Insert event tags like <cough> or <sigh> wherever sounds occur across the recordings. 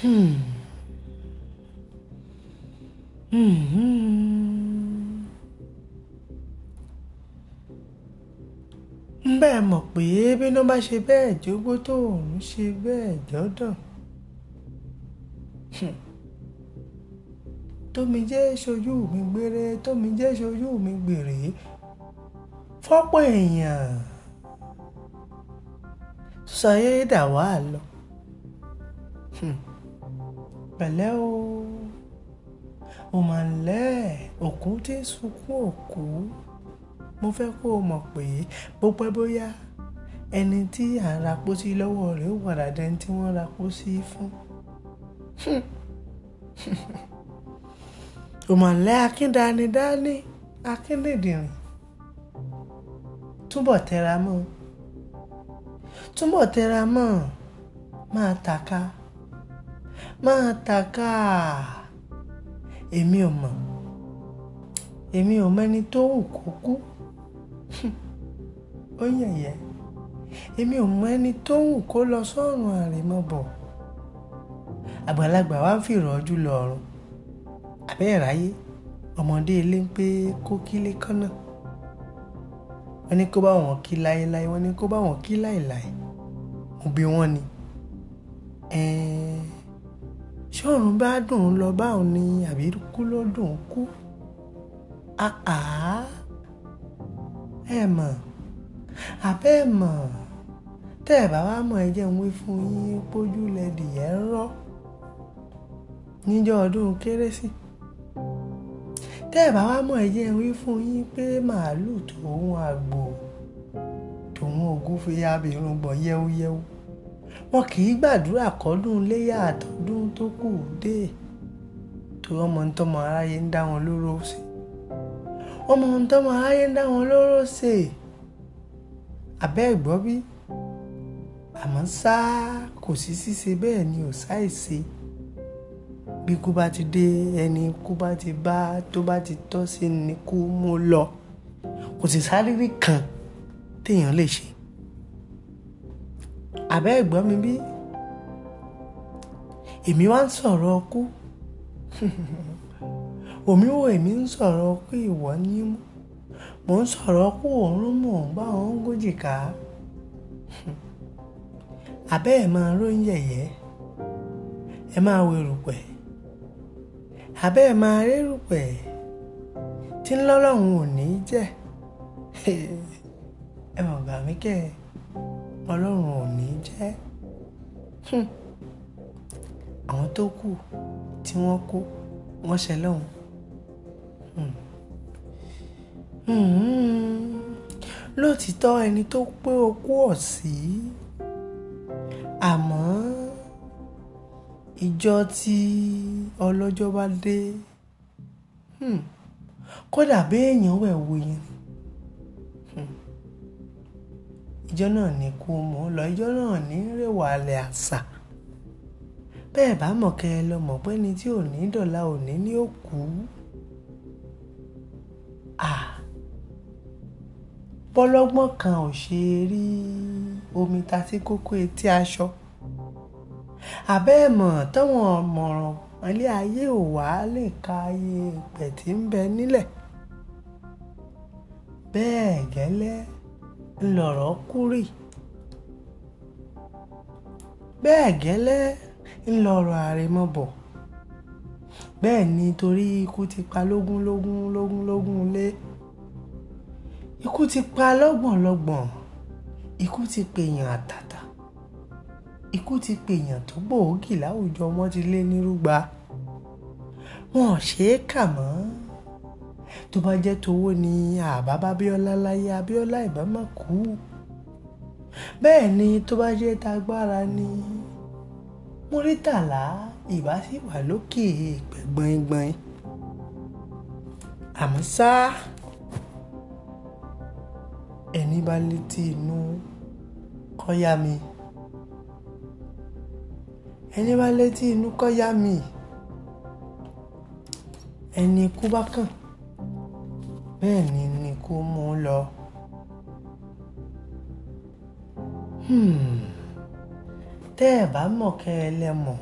Hmm. Hmm. Hmm. hmm. hmm bẹ́ẹ̀ mọ̀ pé bínú bá ṣe bẹ́ẹ̀ jógbó tó òun ṣe bẹ́ẹ̀ jọ́dọ̀ tómi jẹ́ ṣojú mi gbére tómi jẹ́ ṣojú mi gbèrè fọ́pọ̀ èèyàn tó sọ ayé dà wá lọ. Hmm pẹ̀lẹ́ o mo máa ń lẹ́ òkú tí ń sunkún òkú mo fẹ́ kó o mọ̀ pé bó pẹ́ bóyá ẹni tí à ń rapó sí lọ́wọ́ rẹ̀ ó wàrà dẹni tí wọ́n rapó sí fún. òmọ̀lẹ́ <laughs> akíndanidání akíndìndìrín túbọ̀ tẹra mọ́ túbọ̀ tẹra mọ́ máa tàka máa tàkà èmi ò mọ̀ èmi ò mẹ́ni tó wù kó kú <laughs> ó yẹ̀yẹ́ èmi ò mẹ́ni tó wù kó lọ sọ́run àrèmọ́bọ̀ àgbàlagbà wa ń fi ìrọ́jú lọ ọ̀run àbẹ́ ìráyé ọmọdé ilé ń pé kó kílé kánná wọ́n ní kó bá wọn kí láéláé wọ́n ní kó bá wọn kí láéláé mo bí wọ́n ni ẹ̀ẹ́n ṣé ọ̀run bá dùn ún lọ báwọn ni àbí kú ló dùn ún kú àá ẹ mọ̀ àbẹ́ ẹ mọ̀ tẹ́ ẹ bá wá mọ̀ ẹ jẹ́ ń wí fún yín pójú lẹ́dì ẹ̀ ń rọ́ níjọ́ ọdún kérésì tẹ́ ẹ bá wá mọ̀ ẹ jẹ́ ń wí fún yín pé màálù tòun àgbò tòun ògúnfe abirùngbọ̀n yẹ́wúyẹ́wú wọn kì í gbàdúrà kọ́dún léyà àtọ́dún tó kù dé torí ọmọ ntọ́mọ aráyé ń dá wọn lóró sí ọmọ ntọ́mọ aráyé ń dá wọn lóró sí abẹ́ ìgbọ́ bí àmọ́ ṣá kò sí ṣíṣe bẹ́ẹ̀ ni ò ṣàìṣe bí kú bá ti dé ẹni kú bá ti bá tó bá ti tọ́ sí ni kú mú lọ kò sì sáré kan téèyàn lè ṣe àbẹ́ ẹ̀gbọ́n mi bí èmi wá ń sọ̀rọ̀ ọkú òmí <laughs> wo èmi ń sọ̀rọ̀ ọkú ìwọ ní mú mò ń sọ̀rọ̀ ọkú òórùn mò ń bá òun gójì ká àbẹ́ <laughs> ẹ̀ máa ró ń yẹ̀yẹ́ ẹ máa wo erùpẹ̀ àbẹ́ ẹ̀ máa rí erùpẹ̀ tí ńlọ́lọ́run ò ní jẹ́ <laughs> ẹ mọ̀ gbà mí kẹ́ ẹ ọlọ́run ò ní jẹ́ àwọn tó kù tí wọ́n kú wọ́n ṣe lọ́hùn. lótìtọ́ ẹni tó pé okú ọ̀sí àmọ́ ìjọ tí ọlọ́jọ́ bá dé kódà béèyàn wẹ̀ wo yẹn. Hmm ìjọ náà ní kó mọ̀ ọ́ lọ ìjọ náà ní rèwàlẹ̀ àṣà bẹ́ẹ̀ bá mọ̀ kẹ́ pé ni tí ò ní dọ̀la òní ní òkú bọ́lọ́gbọ́n kan ò ṣe é rí omi ta sí kókó etí aṣọ àbẹ́ẹ̀mọ̀ tọ́wọ́n ọ̀mọ̀ràn ilé ayé ò wá lè ka iye ìpẹ̀ ń bẹ nílẹ̀ bẹ́ẹ̀ gẹ́lẹ́ ńlọ̀rọ̀ kúrì bẹ́ẹ̀ gẹ́lẹ́ ńlọ̀rọ̀ àrèmọ bọ̀ bẹ́ẹ̀ ni torí ikú ti pa lógún lógún lógún lógún lé ikú ti pa lọ́gbọ̀n lọ́gbọ̀n ikú ti pèèyàn àtàtà ikú ti pèèyàn tó gbòógì láwùjọ wọn ti lé nírúgba wọn ò ṣeé kà mọ́ tó bá jẹ́ tówó ni àbá bá Abíọ́lá láyé Abíọ́lá ìbá má kú bẹ́ẹ̀ ni tó bá jẹ́ tagbára ni Murítàlá ìbá sì wà lókè ìpẹ́ gbọ̀ngbọ̀n àmọ́ ṣá ẹni bá létí inú kọ́ mi ẹni bá létí inú kọ́ mi ẹni ikú bá kàn bẹ́ẹ̀ ni ni kó mú lọ. Hmm. tẹ́ ẹ̀ bá mọ̀ kẹ́ ẹ lẹ́mọ̀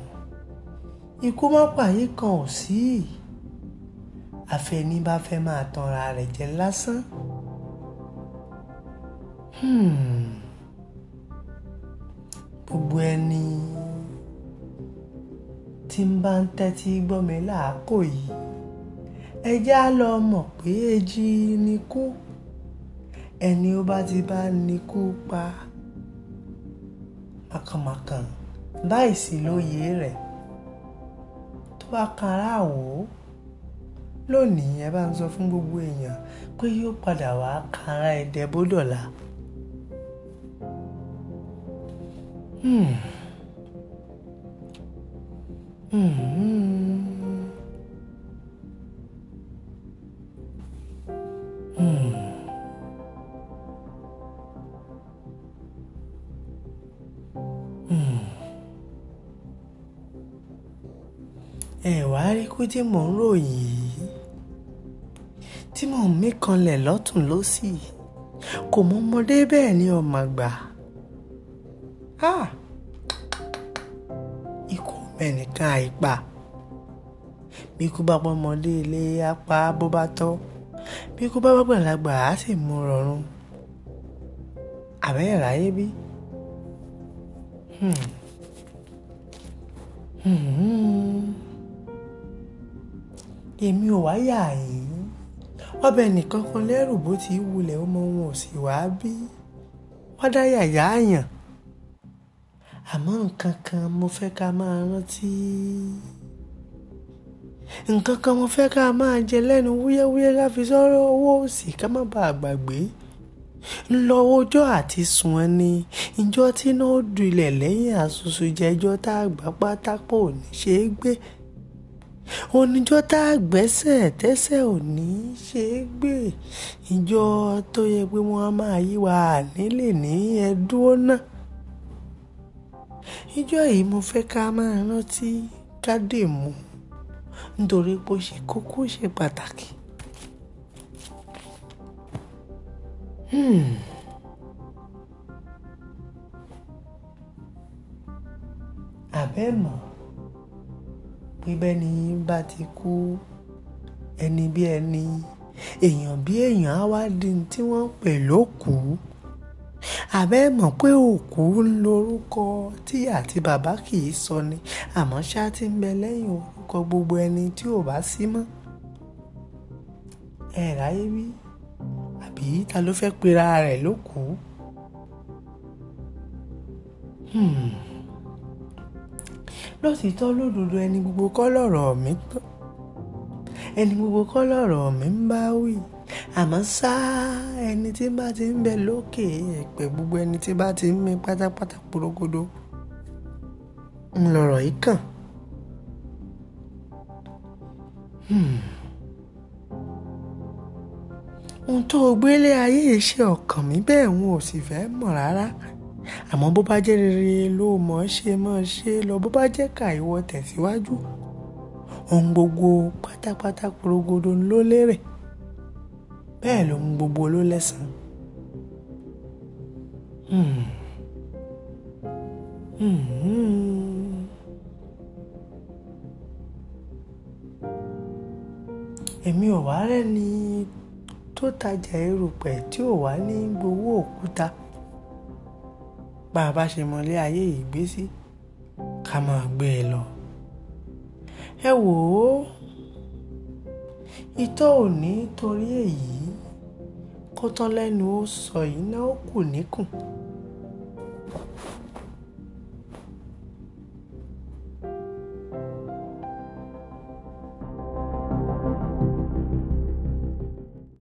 ikú má pààyè kan ò sí àfẹni bá fẹ́ máa tanra rẹ̀ jẹ lásán. Hmm. gbogbo ẹni tí ń bá ń tẹ́tí gbọ́ mi láàkó yìí ẹjẹ́ á lọ mọ̀ pé èjì ni kú ẹni ó bá ti bá ni kú pa màkànmàkàn báyìí sì lóye rẹ̀ tó bá kan aráàwọ̀ lónìí ẹ bá ń sọ fún gbogbo èèyàn pé yóò padà wá kanra ẹ̀dẹ̀ bódọ̀la. Hmm. Hmm. hmm. ẹ wàá rí kú tí mò ń ròyìn yìí tí mò ń mí kanlẹ̀ lọ́tún lọ́sì kò mọ ọmọdé bẹ́ẹ̀ ni ọmọ àgbà ikú mẹ́nìkan àìpa bí ikú bá pọ́ ọmọdé ilé apá bó bá tọ́ bí ikú bá bá á sì mú rọrùn àbẹ́yẹ̀ ráyé bí. Hmm. Hmm èmi ò wá yà yín ọbẹ̀ nìkan kan lẹ́rù bó ti wulẹ̀ ọmọ wọn ò sì wá bí wọ́n dá yàyà àyàn àmọ́ nǹkan kan mo fẹ́ ká máa rántí nǹkan kan mo fẹ́ ká máa jẹ lẹ́nu wúyẹ́wúyẹ́ ká fi sọ́rọ́ owó òsì ká má bàa gbàgbé ńlọ ọjọ́ àti sùn ẹ ni ìjọ tí náà dùlẹ̀ lẹ́yìn àṣùṣù jẹjọ́ tá a gbà pátápọ̀ ò ní ṣe é gbé oníjọ́ tá a gbẹ́sẹ̀ tẹ́sẹ̀ ò ní í ṣe é gbé ìjọ tó yẹ pé wọ́n á máa yí wa nílé ní ẹ̀dúró náà ìjọ yìí mo fẹ́ ká máa rántí ká dè nítorí pé ó ṣe kókó ṣe pàtàkì. àbẹ́ hmm. mọ̀. pé bẹ́ni bá ti kú ẹni bí ẹni èèyàn bí èèyàn á wá di tí wọ́n ń pè lókùú àbẹ́ mọ̀ pé òkú ń lorúkọ tí àti bàbá kì í sọ ni àmọ́ ṣá ti ń bẹ lẹ́yìn orúkọ gbogbo ẹni tí ò bá sí mọ́ ẹ ráyé wí àbí ta ló fẹ́ pera rẹ̀ lókùú. Hmm lọ́tìtọ́ lódodo ẹni gbogbo kọ́ lọ̀rọ̀ mi gbọ́ ẹni gbogbo kọ́ lọ̀rọ̀ mi ń bá wí àmọ́ ṣá ẹni tí bá ti ń bẹ lókè ẹ̀pẹ̀ gbogbo ẹni tí bá ti ń mi pátápátá porogodo ń lọ̀rọ̀ yìí kàn. Hmm. ohun tó o gbélé ayé yìí ọkàn mi bẹ́ẹ̀ n ò sì fẹ́ mọ̀ rárá àmọ́ bó bá jẹ́ rere ló mọ̀ ọ́ ṣe mọ́ ọ ṣe lọ bó bá jẹ́ kà ìwọ tẹ̀síwájú ohun gbogbo pátápátá porogodo ló lérè bẹ́ẹ̀ lohun gbogbo ló lẹ́san. Hmm. Hmm. èmi ò wá rẹ́ni tó tajà erùpẹ̀ tí ò wá ní gbowó òkúta bá a bá ṣe mọlé ayé yìí gbé sí ká máa gbé e lọ. ẹ wò ó itọ́ ò ní torí èyí kó tán lẹ́nu ó sọ yìí náà ó kù níkùn.